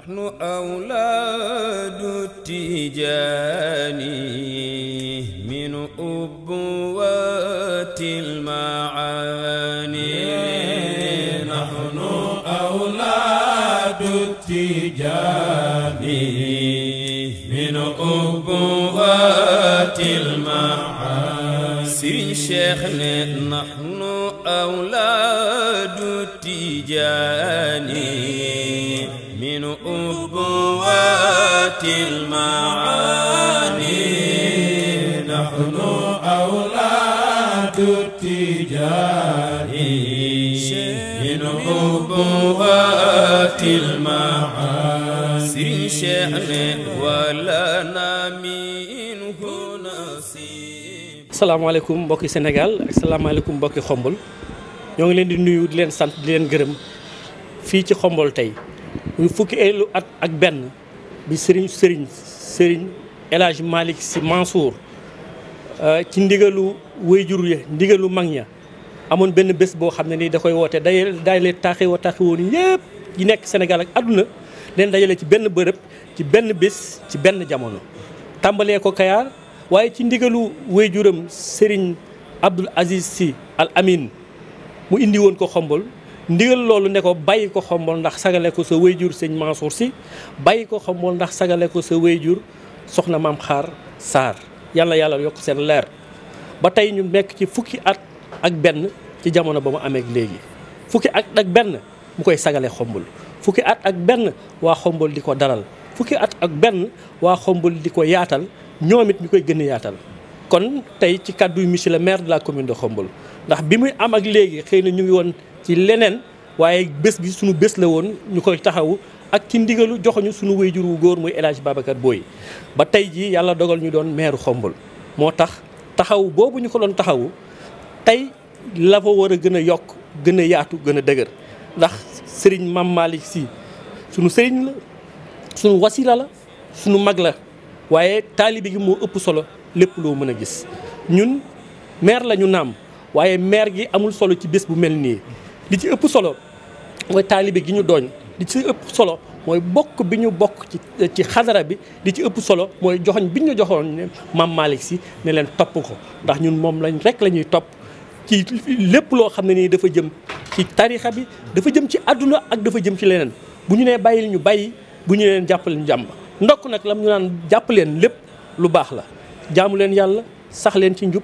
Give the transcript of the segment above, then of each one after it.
نحن أولاد التجان من أبوة المعاني نحن أولاد التجان من أبوة المعاني سيرين شيخنا نحن أولاد التجاني المعاني نحن mbokki Sénégal ak salaamaaleykum mbokki Xombol ñoo ngi leen di nuyu di leen sant di leen gërëm fii ci Xombol tey muy fukki lu at ak benn bi sëriñ sëriñ sëriñ El Hadj Malick Sy Mansour euh, ci ndigalu wayjur ya ndigalu mag ña amoon benn bés boo xam ne nii da koy woote day dajale taaxiwa taaxiwoon yëpp yi nekk Sénégal ak àdduna leen dajale ci benn bërëb ci benn bés ci benn jamono tàmbalee ko Kayaar waaye ci ndigalu wayjuram sëriñ Abdoul Aziz Sy Al Amin mu indi woon ko xombol ndigal loolu ne ko bàyyi ko xombol ndax sagale ko sa wéyjur sëñ Mansour si bàyyi ko xombol ndax sagale ko sa wéyjur soxna maam xaar Sarr yàlla yàlla yokk seen leer ba tey ñu nekk ci fukki at ak benn ci jamono ba mu amee léegi fukki at ak benn mu koy sagale xombol fukki at ak benn waa xombol di ko dalal fukki at ak benn waa xombol di ko yaatal ñoom it ñu koy gën yaatal kon tey ci kàddu monsieur le maire de la commune de Khombole ndax bi muy am ak léegi xëy na ñu ngi woon ci leneen waaye bés bi suñu bés la woon ñu koy taxawu ak ci ndigalu joxuñu suñu wéyjur wu góor muy El Hadj Babacar Boye ba tey jii yàlla dogal ñu doon meeru xombul moo tax taxaw boobu ñu ko doon taxawu tey la fa war a gën a yokk gën a yaatu gën a dëgër ndax sëriñ Mam Malick si sunu sëriñ la sunu wasila la sunu mag la waaye taalibe gi moo ëpp solo lépp loo mën a gis ñun maire lañu ñu naam waaye meer gi amul solo ci bés bu mel nii di ci ëpp solo mooy taalibe gi ñu dooñ di ci ëpp solo mooy bokk bi ñu bokk ci ci xadara bi di ci ëpp solo mooy joxoñ bi ñu joxoon ne Maam si ne leen topp ko ndax ñun moom lañ rek la topp ci lépp loo xam ne nii dafa jëm ci tarixa bi dafa jëm ci àdduna ak dafa jëm ci leneen bu ñu nee bàyyil ñu bàyyi bu ñu leen jàppale ñu jàmm ndokk nag lam naan jàpp leen lépp lu baax la jaamu leen yàlla sax leen ci njub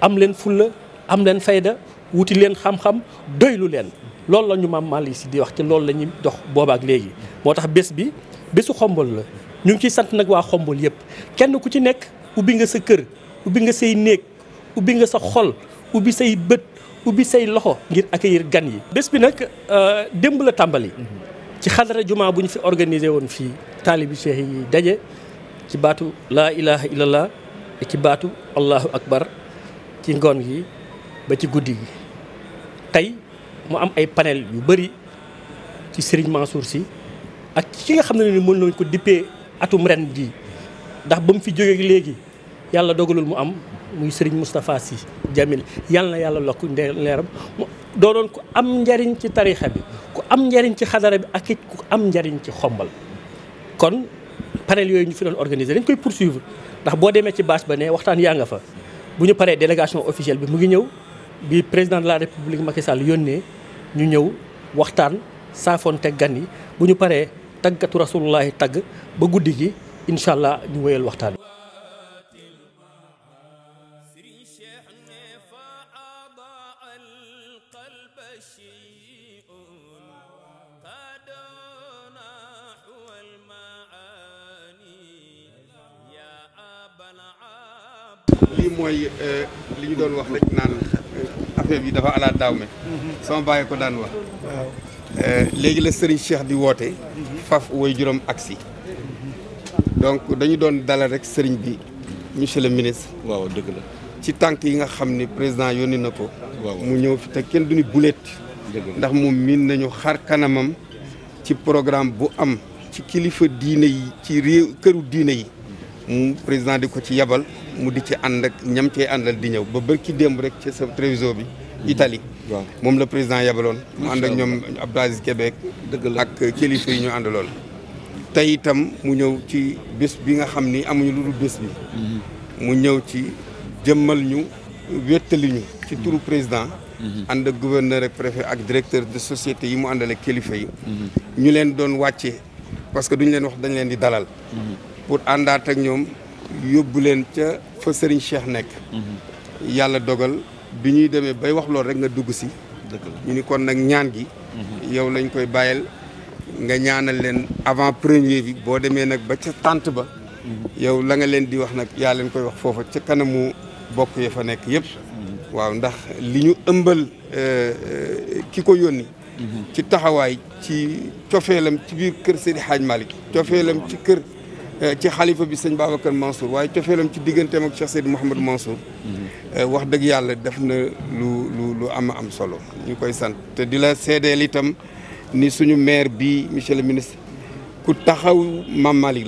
am leen fulla am leen fayda wuti leen xam-xam doylu leen loolu la ñu maam Malick Sy di wax ci loolu la ñuy dox boobaak léegi moo tax bés bi bésu xombal la ñu ngi ciy sant nag waa xombool yëpp kenn ku ci nekk ubbi nga sa kër ubbi nga say néeg ubbi nga sa xol ubbi say bët ubbi say loxo ngir accueillir gan yi bés bi nag euh, démb la tàmbali ci xadara jumaa bu ñu fi organisé woon fii taalibi cheikh yi daje ci baatu laa ilaha illallah ci baatu allahu akbar ci ngoon gi ba ci guddi gi tey mu am ay panel yu bëri ci Serigne Mansour si ak ki nga xam ne ni mën nañ ko dippee atum ren jii ndax ba mu fi jógee léegi yàlla dogalul mu am muy Serigne Moustapha Sy Jamil yàlla na yàlla lokk leeram doo doon ku am njariñ ci tarixa bi ku am njariñ ci xadara bi ak it ku am njariñ ci xombal kon panel yooyu ñu fi doon organiser dañ koy poursuivre ndax boo demee ci bâche ba ne waxtaan yaa nga fa bu ñu paree délégation officielle bi mu ngi ñëw bi président de la république Macky yónnee ñu ñëw waxtaan saafonte gan yi bu ñu paree taggatu rasulullahi tagg ba guddi gi incha allah ñu wéyal waxtaan wi. affaire dafa ala daaw me sama bàyyi ko daan wax eh, léegi la Serigne Cheikh di woote faf woy juróom aksi donc dañu doon dalal rek Serigne bi monsieur le ministre waaw dëgg la ci tànk yi nga xam ni président yónni na ko mu ñëw fi te kenn duñu bulet ndax moom miin nañu xar kanamam ci programme bu am ci kilifa diine yi ci réew këru diine yi mu président di ko ci yebal mu di ci ànd ak ñam cee àndal di ñëw ba bërki démb rek ci sa télévision bi mhm. Italie moom la président yebaloon mu ànd ak ñoom Abdou Aziz Québec ak kilifa yi ñu àndaloon tey itam mu ñëw ci bés bi nga xam ni amuñu lu dul bés bi mhm. mu ñëw ci jëmmal ñu wéttali ñu ci mhm. turu président ànd ak gouverneur ak préfet ak directeur de société yi mu àndal ak kilifa yi ñu leen doon wàcce parce que duñ leen wax dañ leen di dalal pour àndaat ak ñoom yóbbu leen ca fa Serigne Cheikh nekk. Mhm. yàlla dogal bi ñuy demee bay wax loolu rek nga dugg si. ñu ni kon nag ñaan gi. Mhm. yow lañ koy bàyyil nga ñaanal leen avant premier bi boo demee nag ba ca tànt ba. Mhm. yow la nga leen di wax nag yaa leen koy wax foofa ca kanamu bokk ya fa nekk yëpp. waaw ndax li ñu ëmbal euh, euh, ki ko yónni. ci taxawaay ci cofeelam ci biir kër Seydi Hadj Malick. cofeelam ci kër. Euh, ci xalifa bi sëñ Babacar Mansour waaye cofeelam ci digganteem ak Cheikh Seydou Mouhamadou Mansour euh, wax dëgg yàlla def na lu lu lu am am solo ñu koy sant te di la seedeel itam ni suñu maire bi monsieur le ministre ku taxaw Mame Malick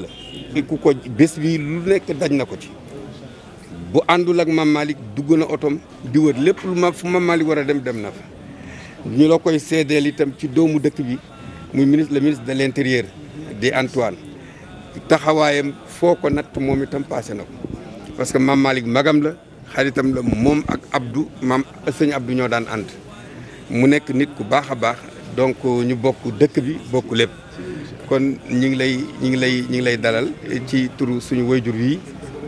la ku ko bés bi lu nekk daj na ko ci bu àndul ak Mame Malick dugg na otom di wër lépp lu ma fu Mame Malick war a dem dem na fa ñu la koy seddeel itam ci doomu dëkk bi muy ministre le ministre de l'intérieur di Antoine taxawaayam foo ko natt moom itam passé na ko parce que maam magam la xaritam la moom ak Abdou maam sëñ Abdou ñoo daan ànd mu nekk nit ku baax a baax donc ñu bokk dëkk bi bokk lépp kon ñi ngi lay ñi ngi lay ñi ngi lay dalal ci turu suñu wayjur yi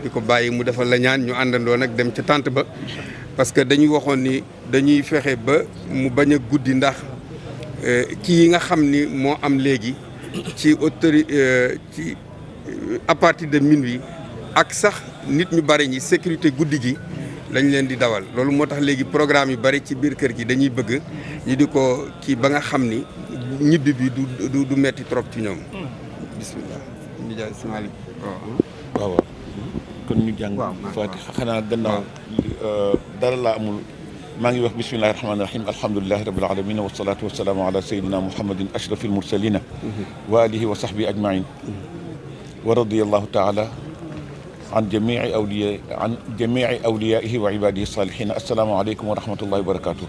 di ko bàyyi mu defal la ñaan ñu àndandoo nag dem ca tànt ba parce que dañuy waxoon ni dañuy fexe ba mu bañ a guddi ndax eh, kii yi nga xam ni moo am léegi ci autorité eh, ci à partir de minuit ak sax nit ñu bari ñi sécurité guddi gi lañ leen di dawal loolu moo tax léegi programme yu bari ci biir kër gi dañuy bëgg ñu di ko kii ba nga xam ni ñibbi bi du du du metti trop ci ñoom. Hmm. bismillah. Hmm? waaw kon ñu jàng. Fatiha xanaa gannaaw. Euh, dara laa amul. maa ngi wax bismillahi rahmaani rahim alhamdulilahi rabil alamina wasalaatu wasalaamu ala sayidina muhammadin ashrafil mursalina hmm. wa alihi wa sahbi wa radiyallahu taala an jamii awliya an jamii awliyaihi wa ibadihi salihin asalaamaaleykum wa rahmatullahi wa barakatuh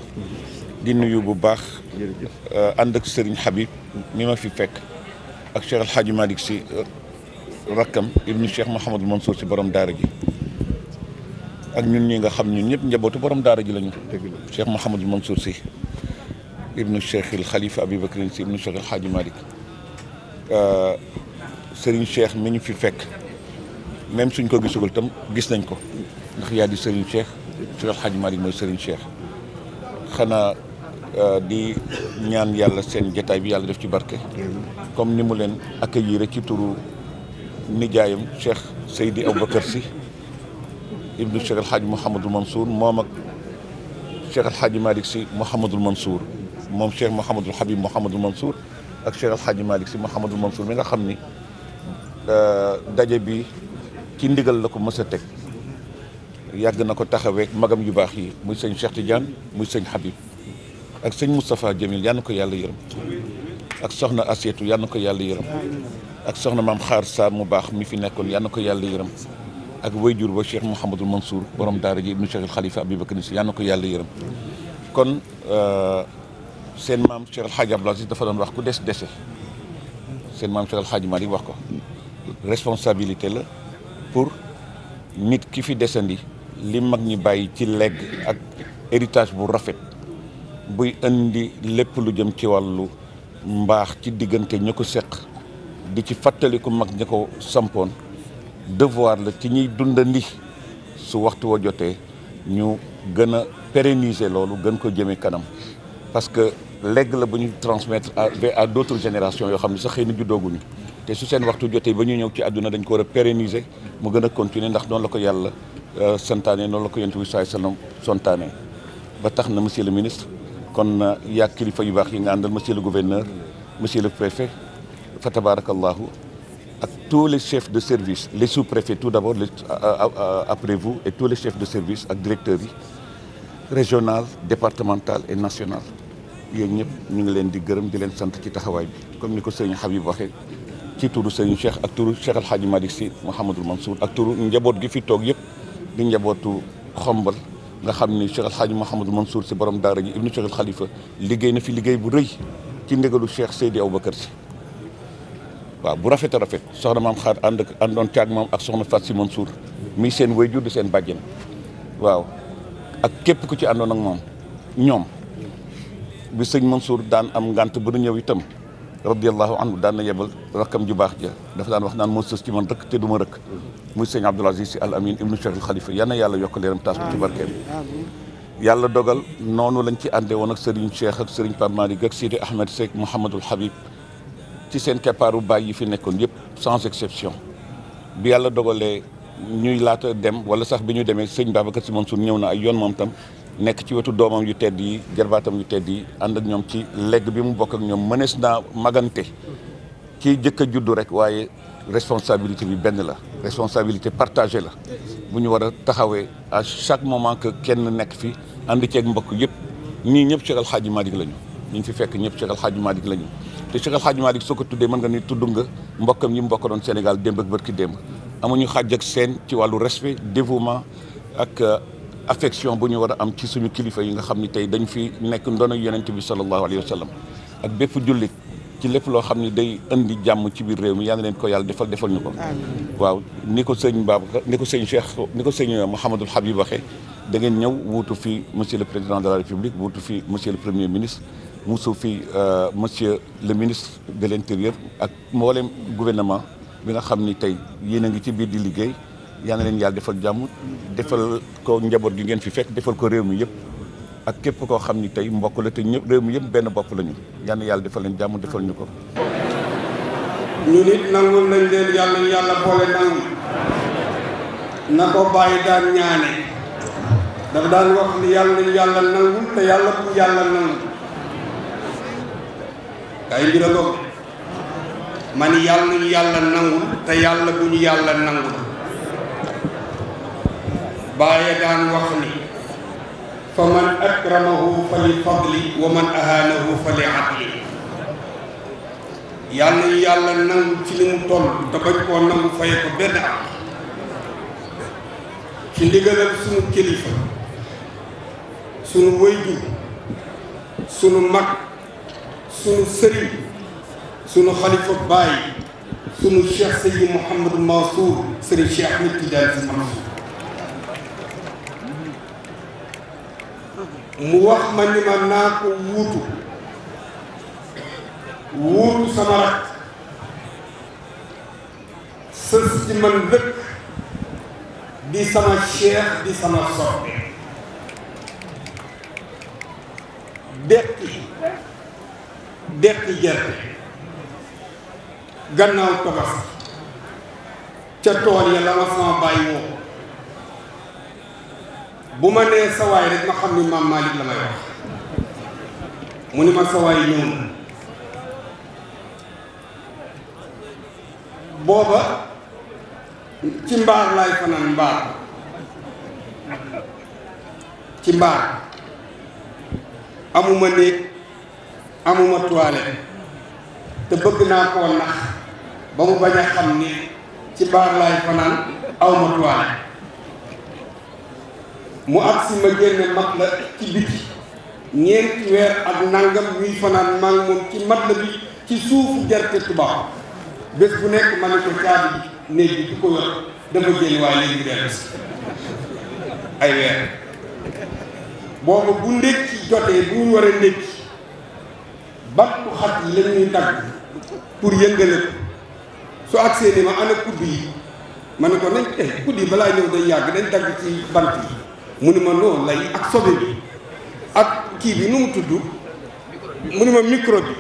di nuyu bu baax uh, ànd ak Serigne Habib mi ma fi fekk ak Cheikh El Hadj Malick si uh, rakkam ibnu Cheikh Mouhamadul Mansour si borom daara ji ak ñun ñi nga xam ñun ñëpp njabootu borom daara ji lañu Cheikh Mouhamadul Mansour si ibnu Cheikh El Khalifa Abibakrin si ibnu Cheikh El Hadj Malick uh, Serigne sheikh mi ñu fi fekk même suñ ko gisugul tam gis nañ ko ndax yaa di Serigne Cheikh Cheikh El Hadj Malick mooy Serigne Cheikh xanaa euh, di ñaan yàlla seen jataay bi yàlla def ci barke comme ni mu leen accueillir ci turu nijaayam Cheikh Seydi Aboubacar Sy ibnu Cheikh El Hadj Mouhamadul Mansour moom ak Cheikh El Hadj Malick Sy Mouhamadul Mansour moom Cheikh Mouhamadul Habib Mouhamadul Mansour ak Cheikh El Hadj Malick Sy Mouhamadul Mansour mi nga xam ni Euh, daje bi ci ndigal la ko mës teg yàgg na ko taxawee magam yu baax yi muy sëñ Cheikh Tidiane muy sëñ Habib ak sëñ Moustapha Jamil yal na ko yàlla yërëm ak soxna Asietu yal na ko yàlla yërëm ak soxna maam Xaar Sarr mu baax mi fi nekkoon yal na ko yàlla yërëm ak wayjur ba Cheikh Mouhamadul Mansour borom daara ji ibnu Cheikh al Khalifa Abubakar Si yal na ko yàlla yërëm kon euh, seen maam Cheikh El Hadj Abdoul dafa doon wax ku des dese seen maam Cheikh El Hadj wax ko responsabilité la pour nit ki fi desandi li mag ñi bàyyi ci legg ak héritage bu rafet buy indi lépp lu jëm ci wàllu mbaax ci diggante ña ko seq di ci fàttaliku mag ña ko sampoon devoir la ci ñuy dundandi su waxtu wa jotee ñu gën a pérenniser loolu gën ko jëme kanam parce que legg la bu ñu transmettre à à d'autres générations yoo xam ne sax xëy na juddooguñu te su seen waxtu jotee ba ñu ñëw ci àdduna dañ ko war a pérenniser mu gën a continuer ndax noonu la ko yàlla euh, santaane noonu la ko yonent bi saay sallam santaane ba tax na monsieur le ministre kon euh, yaa kilifa yu baax yi nga àndal monsieur le gouverneur monsieur le préfet fa tabarakallahu ak tous les chefs de services les sous-préfets tout d'abord les euh, après vous et tous les chefs de service ak directeurs yi régional départemental et national yooyu ñëpp ñu ngi leen di gërëm di leen sant ci taxawaay bi comme ni ko sëñ Habib waxee ci turu Serigne Cheikh ak turu Cheikh El Hadj Malick Sy Mouhamadul ak turu njaboot gi fi toog yëpp di njabootu xombal nga xam ni Cheikh El Hadj Mouhamadul Mansour si borom daara ji ibnu Cheikh El Khalifa liggéey na fi liggéey bu rëy ci ndigalu Cheikh Seydi Aboubacar si waaw bu rafet a rafet soxna maam xaar ànd ak àndoon caag moom ak soxna Fatou Sy Mansour mi seen wayjur di seen bàjjen waaw ak képp ku ci àndoon ak moom ñoom bi sëñ Mansour daan am ngant bu nu ñëw itam radiallahu anhu daan na yebal rakkam ju baax ja dafa daan wax naan moo sës ci man rëkk te du ma rëkk muy sëñ Abdoul Aziz Sy Al Amin ibnu Cheikh al Khalifa yal na yàlla yokk leeram taas ci barkeem yàlla dogal noonu lañ ci àndee woon ak Serigne Cheikh ak Serigne Pape Malick ak Sidi Ahmed Seck Mouhamadul Habib ci seen keppaaru baay yi fi nekkoon yëpp sans exception bi yàlla dogalee ñuy laata dem wala sax bi ñu demee sëñ Babacar Sy Mansour ñëw na ay yoon moom tam nekk ci wetu doomam yu tedd yi jarbaatam yu tedd yi ànd ak ñoom ci legg bi mu bokk ak ñoom mënees naa magante kii jëkk a juddu rek waaye responsabilité bi benn la responsabilité partagée la bu ñu war a taxawee à chaque moment que kenn nekk fi ànd ceeg mbokk yëpp nii ñëpp Cheikh Al Hadji Malick la ñu ñu fi fekk ñëpp Cheikh Al Hadji Malick la ñu te Cheikh Al Hadji soo ko tuddee mën nga ni tudd nga mbokkam yi mbokk doon Sénégal démb ak bërki démb amuñu xàjj seen ci wàllu respect dévouement ak affection bu ñu war a am ci suñu kilifa yi nga xam ni tey dañ fi nekk ndono yonent bi sallallahu alayhi wa sallam ak bépp jullit ci lépp loo xam ni day indi jàmm ci biir réew mi yal na leen ko yàlla defal defal ñu ko waaw ni ko sëñ Babacar ni ko sëñ Cheikh ni ko sëñ Mouhamadul Habib waxee da ngeen ñëw wuutu fi monsieur le président de la république wuutu fi monsieur le premier ministre musu fi euh, monsieur le ministre de l' ak mbooleem gouvernement bi nga xam ni tey yéen a ngi ci biir di liggéey yàlla na leen yàlla defal jàmm defal ko njaboot gi ngeen fi fekk defal ko réew mi yëpp ak képp koo xam ni tey mbokk la te ñëpp réew mi yëpp benn bopp lañu ñu yàlla defal leen jàmm defal ñu ko. ñu nit nangul nañ leen yàlla boole nangu na ko bàyyi daan ñaane dafa daan wax yàlla nañu yàlla nangu te yàlla bu ñu yàlla nangul bàyyi daan wax ni fa man akramahu fa li fadli wa man ahaanahu fa li adli yàlla yu yàlla nangu ci li mu toll te bañ koo nangu faye ko benn ci ndigalal sunu kilifa sunu wëyju sunu mag sunu sëriñ sunu xalifa bàyyi sunu cheikh seydi mouhamadou mansour sëriñ cheikh nit ki mu wax ma ni ma naa ko wuutu wuutu sama rak sës ci man dëkk di sama cheikh di sama soppe deqi deqi gerte gannaaw tabax ca tool ya la sama bàyyi woo bu ma nee sa rek ma xam ni maam Malick la may wax mu ni ma sa waay booba ci mbaar laay fanaan mbaar ci mbaar amuma néeg amuma toilette te bëgg naa koo nax ba mu bañ xam ni ci mbaar laay fanaan awma toilette mu agsi ma génne mat la ci biti ñeenti weer ak nangam ñuy fanaan maa moom ci mat la bi ci suufu gerte tubaab bés bu nekk ma ne ko caabi néeg bi du ko yor dafa génn waaye léegi mu dellu si ay weer boobu bu ndékki jotee bu ñu war a ndékki battu xat la dagg pour yëngale ko su agsee ni ma ana kudd yi ma ne ko nañ eh kudd yi balaa ñëw day yàgg dañ dagg ci bant yi mu ni ma noo lay ak sobe bi ak kii bi nu mu tudd mu ni ma micro bi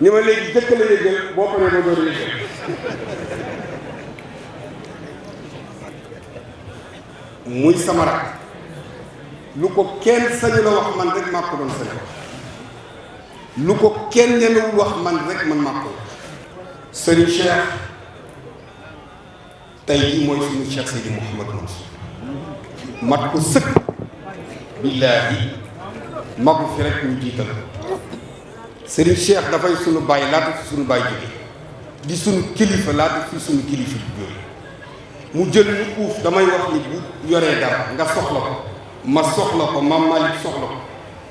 ni ma léegi jëkk la jël boo paree ma door la jël muy sama rak lu ko kenn sañu wax man rek maa ko doon sañu lu ko kenn ñemewul wax man rek man maa ko sëriñ Cheikh tey jii mooy suñu Cheikh Sidi Mouhamad Mansour mat ko sëkk billaahi magu fi rek ñu jiital sëriñ Cheikh dafay sunu bàyyi laata fi sunu bàyyi jóge di sunu kilifa laata fi sunu kilifa jóge mu jël lu uuf damay wax ni bu yoree dara nga soxla ko ma soxla ko ma Malick soxla ko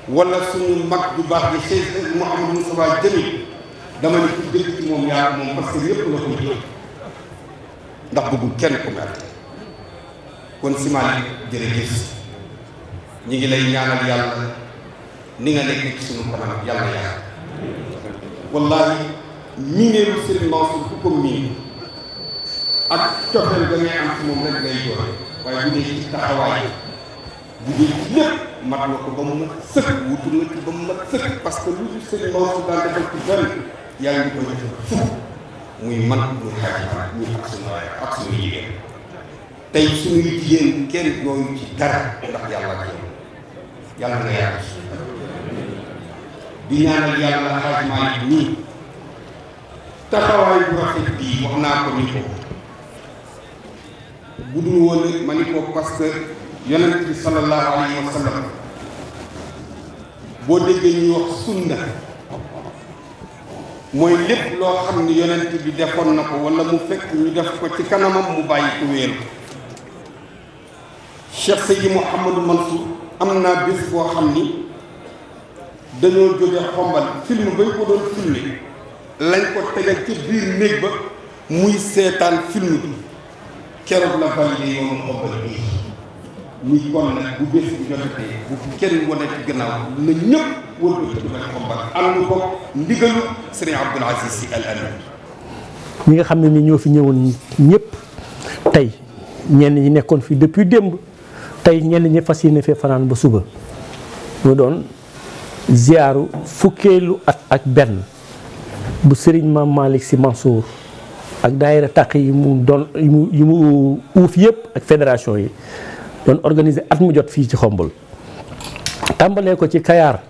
wala suñu mag bu baax di Cheikh Mouhamadou Moustapha jëmi dama ni ku dégg ci moom yaa moom parce yépp la ko jël ndax bëggul kenn ku mer kon si Malick jërëjëf ñu ngi lay ñaanal yàlla ni nga nekk sunu kanam yàlla yàlla wallaahi miineelu Serigne Mansour ku bu ko ba mu mat parce que lu muy man muy xaj muy ak sunu ak sunu tey suñu liggéey kenn ñooyu ci dara ndax yàlla ak yàlla na yàlla di yi nii taxawaay bu rafet bii wax naa ko ni ko bu dul woon ma ni ko parce yonent bi sallallahu alayhi wa boo déggee ñuy wax sunna mooy lépp loo xam ni yonent bi defoon na ko wala mu fekk ñu def ko ci kanamam mu bàyyi ku wéeru Cheikh Seydi Mouhamadou Mansour am naa bés foo xam ni dañoo jóge xombal film bañ ko doon filmé lañ ko tegal ci biir néeg ba muy seetaan film bi keroog la validé yoonu xombal bii muy kon nag bu bés bu jotatee bu fi kenn wane ci gannaaw na ñëpp wër ko ci biir xombal am ko ndigalu Serigne Abdoul Aziz Sy Al Amine nga xam ne ni ñoo fi ñëwoon ñëpp tey ñenn ñi nekkoon fii depuis démb tey ñenn ñi fas yéene fee fanaan ba suba mu doon ziyaaru fukkeelu at ak benn bu sëriñ Maam Malick Sy Mansour ak daayira tàq yi mu doon yi mu uuf yëpp ak fédération yi doon organiser at mu jot fii ci xombol tàmbalee ko ci kayaar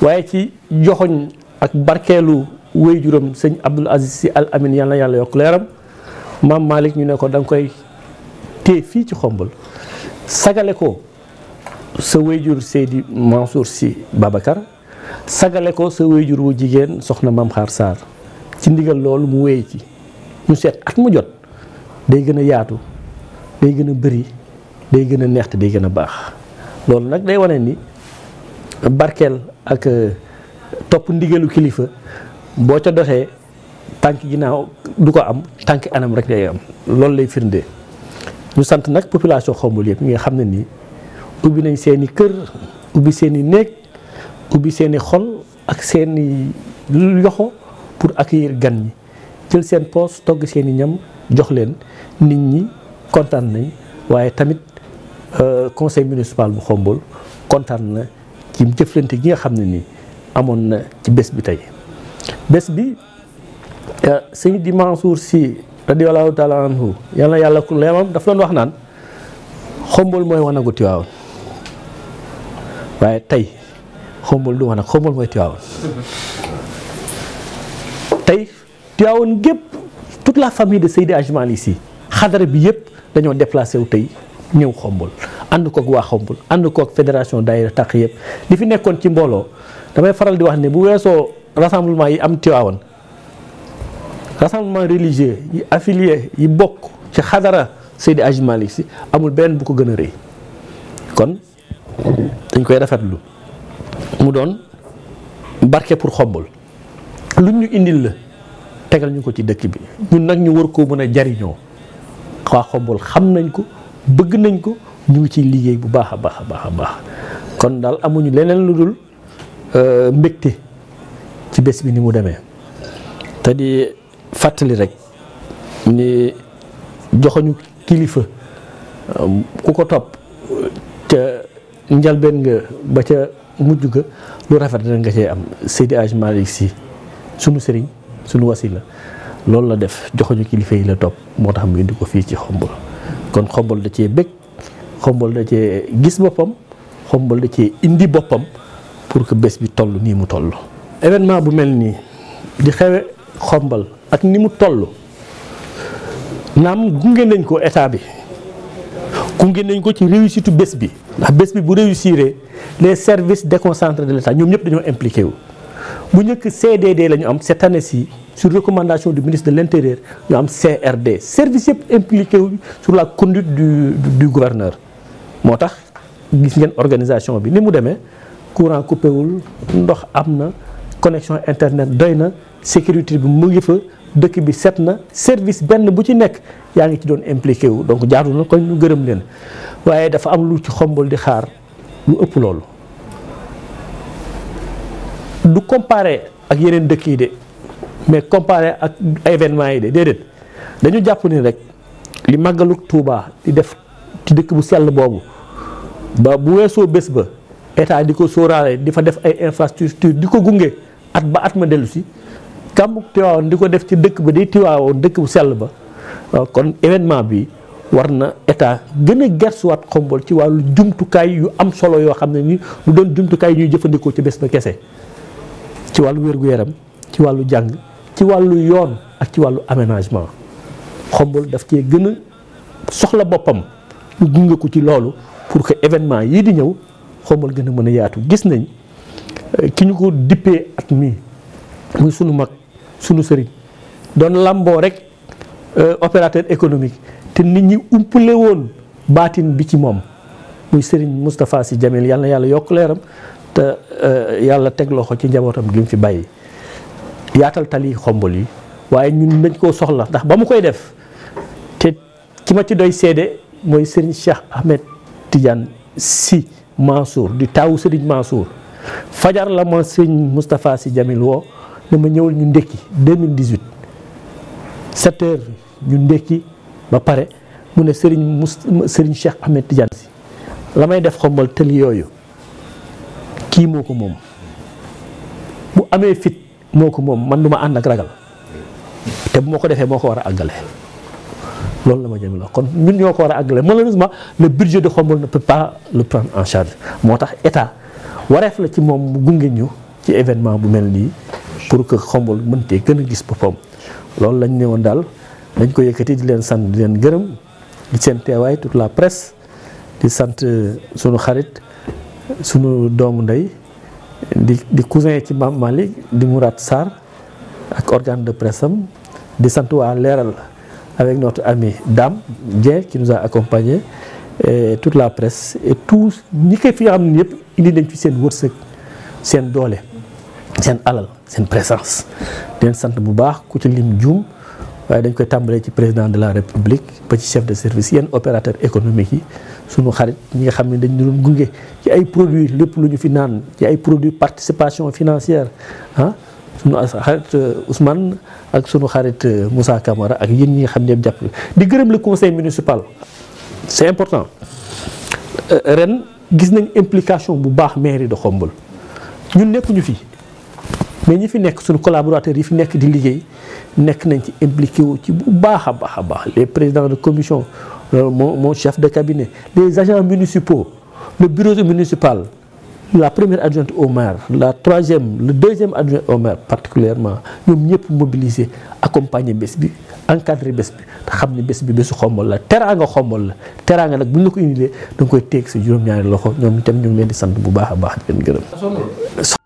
waaye ci joxoñ ak barkeelu wéy juróom sëñ Abdoul Aziz Sy Al Amin yàlla yàlla yokk leeram Maam Malick ñu ne ko danga koy téye fii ci xombol sagale ko sa wéyjur Seydi Mansour si Babacar sagale ko sa wéyjur wu jigéen soxna Mame Khar ci ndigal loolu mu wéy ci ñu seet at mu jot day gën a yaatu day gën a bëri day gën a neex day gën a baax loolu nag day wane ni barkeel ak euh, topp ndigalu kilifa boo ca doxee tànk ginnaaw du ko am tànk anam rek day am loolu lay firnde ñu sant nag population Xombol yëpp ñi nga xam ne nii ubbi nañ seen i kër ubbi seen i néeg ubbi seen i xol ak seeni i yoxo pour accueillir gan ñi jël seen poos togg seen i ñam jox leen nit ñi kontaan nañ waaye tamit euh, conseil municipal bu xombul kontaan na ci jëflante gi nga xam ne nii amoon na ci bés bi tey bés bi euh, sëñ di Mansour si radiallahu taala anhu yal na yàlla ku leemam daf doon wax naan xombol mooy wanagu tiwaawoon waaye tey xombol du wanag xombol mooy tiwaawoon tey tiwaawoon gépp tout la famille de Seydi Hadji Malick xadara bi yëpp dañoo déplacé wu tey ñëw xombol ànd koog waa xombol ànd koog fédération daayira taq yëpp li fi nekkoon ci mbooloo damay faral di wax ni bu weesoo rassemblement yi am tiwaawoon rassemblement religieux yi affilié yi bokk ci xadara Seydi Hadji Malick si amul benn bu ko gën a rëy kon dañ koy rafetlu mu doon barke pour xombal lu ñu indil la tegal ñu ko ci dëkk bi ñun nag ñu war ko mën a jariñoo waa xombal xam nañ ko bëgg nañ ko ñu ngi ciy liggéey bu baax a baax a baax a baax kon daal amuñu leneen lu dul euh, mbégte ci bés bi ni mu demee fàttali rek ni joxoñu kilifa um, ku ko topp ca njalbeen nga ba ca mujj ga lu rafet rek nga cee am Seydi Hadji Malick Sy sunu sëriñ sunu wasi la loolu la def joxoñu kilifa yi la topp moo tax mu indi ko fii ci xombol kon xombol da cee bëgg xombal da cee gis boppam xombol da cee indi boppam pour que bés bi toll nii mu toll événement bu mel nii di xewe xombal ak ni mu toll naam gunge nañ ko état bi gunge nañ ko ci réussite bés bi ndax bés bi bu réussir les services déconcentrés de l' état ñoom ñëpp dañoo impliqué wu. bu njëkk CDD lañu am cette année ci sur recommandation du ministre de l' intérieur ñu am CRD service yëpp impliqué wu sur la conduite du du, du moo tax gis ngeen organisation bi ni mu demee courant coupé ndox am na connexion internet doy na sécurité bi mu ngi fa. dëkk bi set na service benn bu ci nekk yaa ngi ci doon impliqué wu donc jaadu na kon ñu gërëm leen waaye dafa am lu ci xombal di xaar lu ëpp loolu. du comparé ak yeneen dëkk yi de mais comparé ak événement yi de déedéet dañu jàpp ni rek li màggalu tuubaa di def ci dëkk bu sell boobu ba bu weesoo bés ba état di ko sóoraale di fa def ay infrastructure di ko gunge at ba at ma dellusi gàmmuk Tiwaawoon di ko def ci dëkk ba di Tiwaawoon dëkk bu sell ba kon événement bi war na état gën a gersuwaat xombol ci wàllu jumtukaay yu am solo yoo xam ne ni mu doon jumtukaay ñuy jëfandikoo ci bés ba kese ci wàllu wér yaram ci wàllu jàng ci wàllu yoon ak ci wàllu aménagement xombol daf cee gën a soxla boppam ñu gunge ko ci loolu pour que événement yii di ñëw xombol gën a mën a yaatu gis nañ euh, ki ñu ko dippee at mii muy sunu mag sunu sëriñ doon lamboo rek euh, opérateur économique te nit ñi umpale woon baatin bi ci moom muy sëriñ Moustapha si jamin yàlla yàlla yokk leeram te euh, yàlla teg loxo ci njabootam gi mu fi bàyyi yaatal tali xombol yi waaye ñun dañ koo soxla ndax ba mu koy def te ki ma ci doy seede mooy sëriñ Cheikh Ahmed Tidiane Sy Mansour di taawu sëriñ Mansour fajar la ma sëriñ Moustapha Sy Jamil woo ne ma ñëwul ñu ndékki 2018 7 heures ñu ndékki ba pare mu ne sëriñ mus Serigne Cheikh Ahmed Tidiane si la may def xombal tëli yooyu kii moo ko moom bu amee fit moo ko moom man du ma ànd ak ragal te bu ma ko defee moo ko war a àggale loolu la ma jëmee la kon ñun ñoo ko war a àggale malheureusement le budget de xombal ne peut pas le prendre en charge moo tax état wareef la ci moom mu gunge ñu ci événement bu mel nii. pour que xombol mëntee gën a gis boppam loolu lañ ne woon daal dañ ko yëkkati di leen sant di leen gërëm di seen teewaay tout la presse di sant euh, sunu xarit sunu doomu ndey di di cousin ci maam Malick di Mourad Sarr ak organe de pressam di sant waa Leeral avec notre ami Dame Dieng qui nous a accompagné et la presse et tous ñi ko fi xam ne yëpp indi nañ fi seen wërsëg seen doole seen alal. seen présence di leen sant bu baax ku ci lim juum waaye dañ koy tàmbalee ci président de la république ba ci chef de service yenn opérateur économique yi suñu xarit ñi nga xam ne dañu doon gunge ci ay produits lépp lu ñu fi naan ci ay produit participation financière ah suñu xarit euh, Ousmane ak suñu xarit euh, Moussa Camara ak yéen ñi nga xam ne jàpp di gërëm le conseil municipal c'est important euh, ren gis nañ implication bu baax mairie de Khombole ñun nekkuñu fi. mais ñi fi nekk suñu collaborateurs yi fi nekk di liggéey nekk nañ ci impliqué wu ci bu baax a baax a baax les président de commission mon mon chef de cabinet les agents municipaux le bureau municipal la première adjointe au maire la troisième le deuxième adjoint au maire particulièrement ñoom ñëpp mobiliser accompagner bés bi encadrer bés bi te xam ne bés bi bésu xombal la teraanga xombal la teraanga nag bu la ko indilee da nga koy teeg si juróom-ñaari loxo ñoom itam ñu ngi leen di sant bu baax a baax di leen